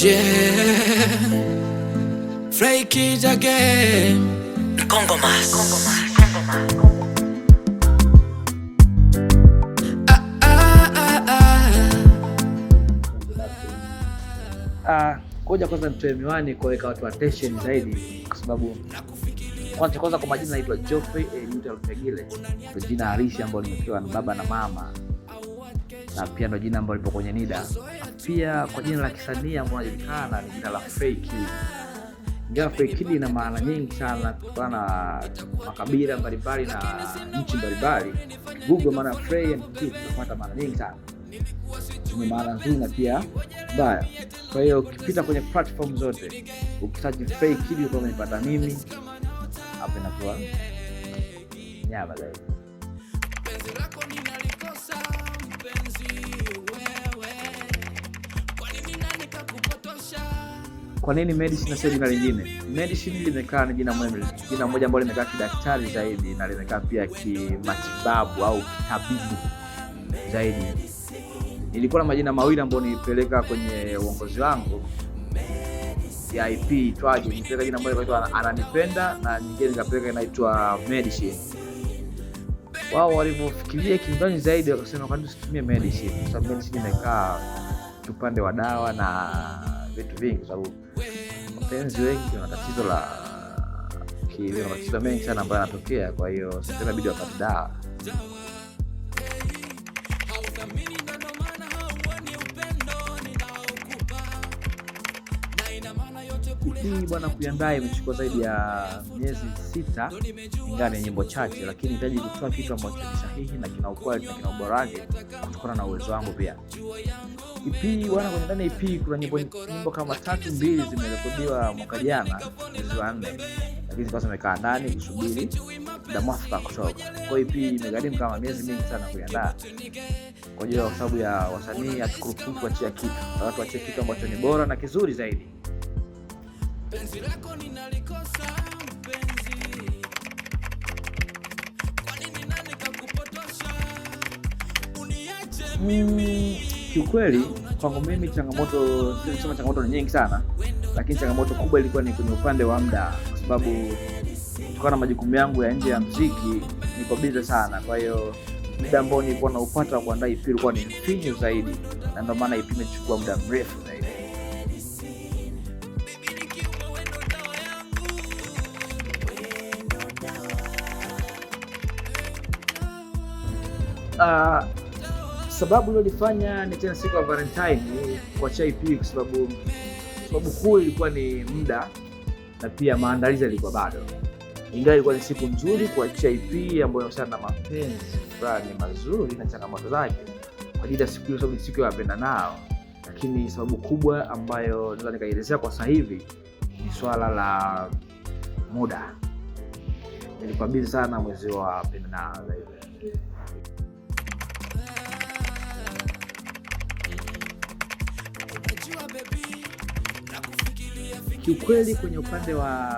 Yeah, flake it again. Congo Congo koja ah, ah, ah. kwanza nitoe miwani kuweka watu attention zaidi, kwa sababu kwanza kwanza kwa majina naitwa Geoffrey Eluta Lupegile, ndio jina halisi ambalo limepewa na baba na mama, na pia ndio jina ambalo lipo kwenye NIDA. Pia kwa jina la kisanii ambao anajulikana ni jina la Fake. Jina la ina maana nyingi sana kutokana na makabila mbalimbali na nchi mbalimbali. Google maana Frey and unapata maana nyingi sana ni maana nzuri na pia mbaya. Kwa hiyo ukipita kwenye platform zote ukisearch Frey Kid mimi hapo, inakuwa nyama zaidi. Kwa nini medicine na sio jina lingine? Medicine limekaa ni jina mwembe, jina moja ambalo limekaa kidaktari zaidi na limekaa pia kimatibabu au kitabibu zaidi. Nilikuwa na majina mawili ambayo nilipeleka kwenye uongozi wangu ya IP itwaje, nilipeleka jina moja inaitwa ananipenda na nyingine nikapeleka inaitwa medicine. Wao walivyofikiria kindani zaidi wakasema, kwani tusitumie medicine? Kwa sababu medicine imekaa upande wa dawa na vitu vingi, sababu mapenzi wengi wana tatizo la kielimu, matatizo mengi sana ambayo yanatokea. Kwa hiyo sasa bidi wapate dawa. Hii bwana, kuiandaa imechukua zaidi ya miezi sita, ingawa ni nyimbo chache, lakini nahitaji kutoa kitu ambacho ni sahihi na kina ukweli na kina ubora wake kutokana na uwezo wangu pia. EP wana kwenye ndani EP kuna nyimbo nyimbo kama tatu mbili zimerekodiwa mwaka jana mwezi wa nne, lakini zikawa zimekaa ndani kusubiri muda mwafaka kutoka. Kwa hiyo EP imegharimu kama miezi mingi sana kuiandaa kwa ajili ya sababu ya wasanii hatukuruhusu kuachia kitu, watu wachia kitu ambacho ni bora na kizuri zaidi. Penzi lako ninalikosa mpenzi, kwa nini nani kakupotosha uniache mimi mm. Kiukweli kwangu mimi changamoto, sema changamoto ni nyingi sana, lakini changamoto kubwa ilikuwa ni kwenye upande wa mda kwa sababu kutokana na majukumu yangu ya nje ya mziki niko bize sana. Kwa hiyo muda ambao nilikuwa naupata wa kuandaa ipi ulikuwa ni mfinyu zaidi, na ndio maana ipi imechukua muda mrefu zaidi. Uh, sababu iliyonifanya ni tena siku ya Valentine kwa chai pii, kwa sababu sababu kuu ilikuwa ni muda na pia maandalizi yalikuwa bado, ingawa ilikuwa ni siku nzuri kwa chai pii ambayo inahusiana na mapenzi fulani mazuri na changamoto zake kwa ajili ya siku hiyo, sababu ni siku ya wapenda nao. Lakini sababu kubwa ambayo naweza nikaielezea kwa sasa hivi ni swala la muda, nilikuwa bizi sana mwezi wa wapenda nao Kiukweli, kwenye upande wa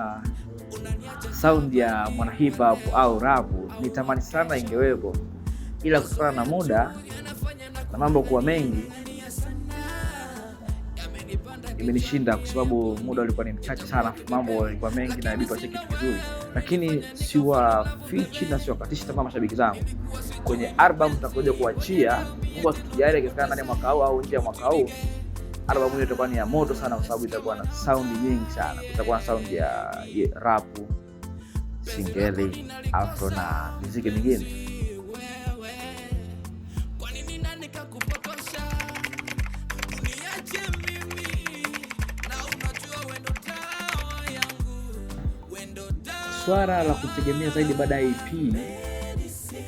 saundi ya mwana hip hop au rapu nitamani sana ingewepo, ila kutokana na muda na mambo kuwa mengi imenishinda kwa sababu muda ulikuwa ni mchache sana, mambo yalikuwa mengi na ibidi tuache kitu kizuri, lakini siwafichi na siwakatishi tamaa mashabiki zangu. Kwenye albamu tutakuja kuachia, Mungu akijali, akiwezekana ndani ya mwaka huu au nje ya mwaka huu albamu hiyo itakuwa ni ya moto sana, kwa sababu itakuwa na saundi nyingi sana. Kutakuwa na saundi ya rapu, singeli, afro na muziki mingine. Swala la kutegemea zaidi baada ya EP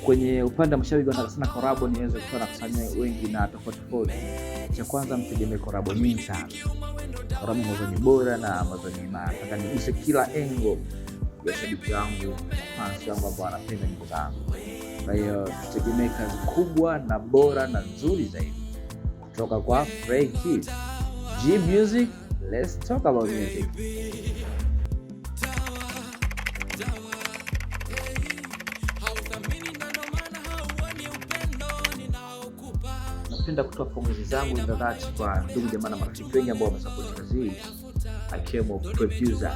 kwenye upande wa mashabiki wanataka sana collab niweze kutoa na kusanya wengi na tofauti tofauti cha kwanza mtegemee korabo nyingi sana, korabo ambazo ni bora na ambazo ni imara. Nataka niguse kila engo ya shabiki wangu, fans wangu ambao wanapenda nyimbo zangu. Kwa hiyo tutegemee kazi kubwa na bora na nzuri zaidi kutoka kwa Fray Kids. G Music, let's talk about music. napenda kutoa pongezi zangu za dhati kwa ndugu jamaa na marafiki wengi ambao wamesapoti kazi hii, akiwemo producer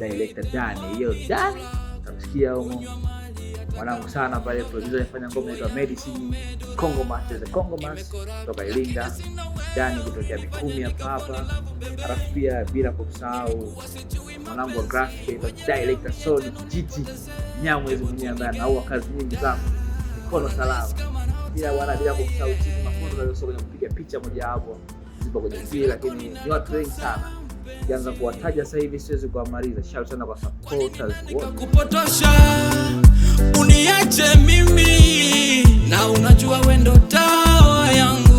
director Dani. Hiyo Dani tamsikia humo mwanangu sana pale, producer alifanya ngoma inaitwa Medicine, Congo the Congo Masters kutoka Iringa, Dani kutokea Mikumi hapa hapa, alafu pia bila kumsahau mwanangu wa graphic inaitwa director Sony Kijiti Nyamwezi mwenyewe ambaye anaua kazi nyingi zangu mikono salama, bila wana bila kumsahau sio kwenye kupiga picha mojawapo, zipo kwenye kile, lakini ni watu wengi sana, kianza kuwataja sasa hivi siwezi kuwamaliza. Shout sana kwa supporters wote. Kupotosha uniache mimi, na unajua wendo tawa yangu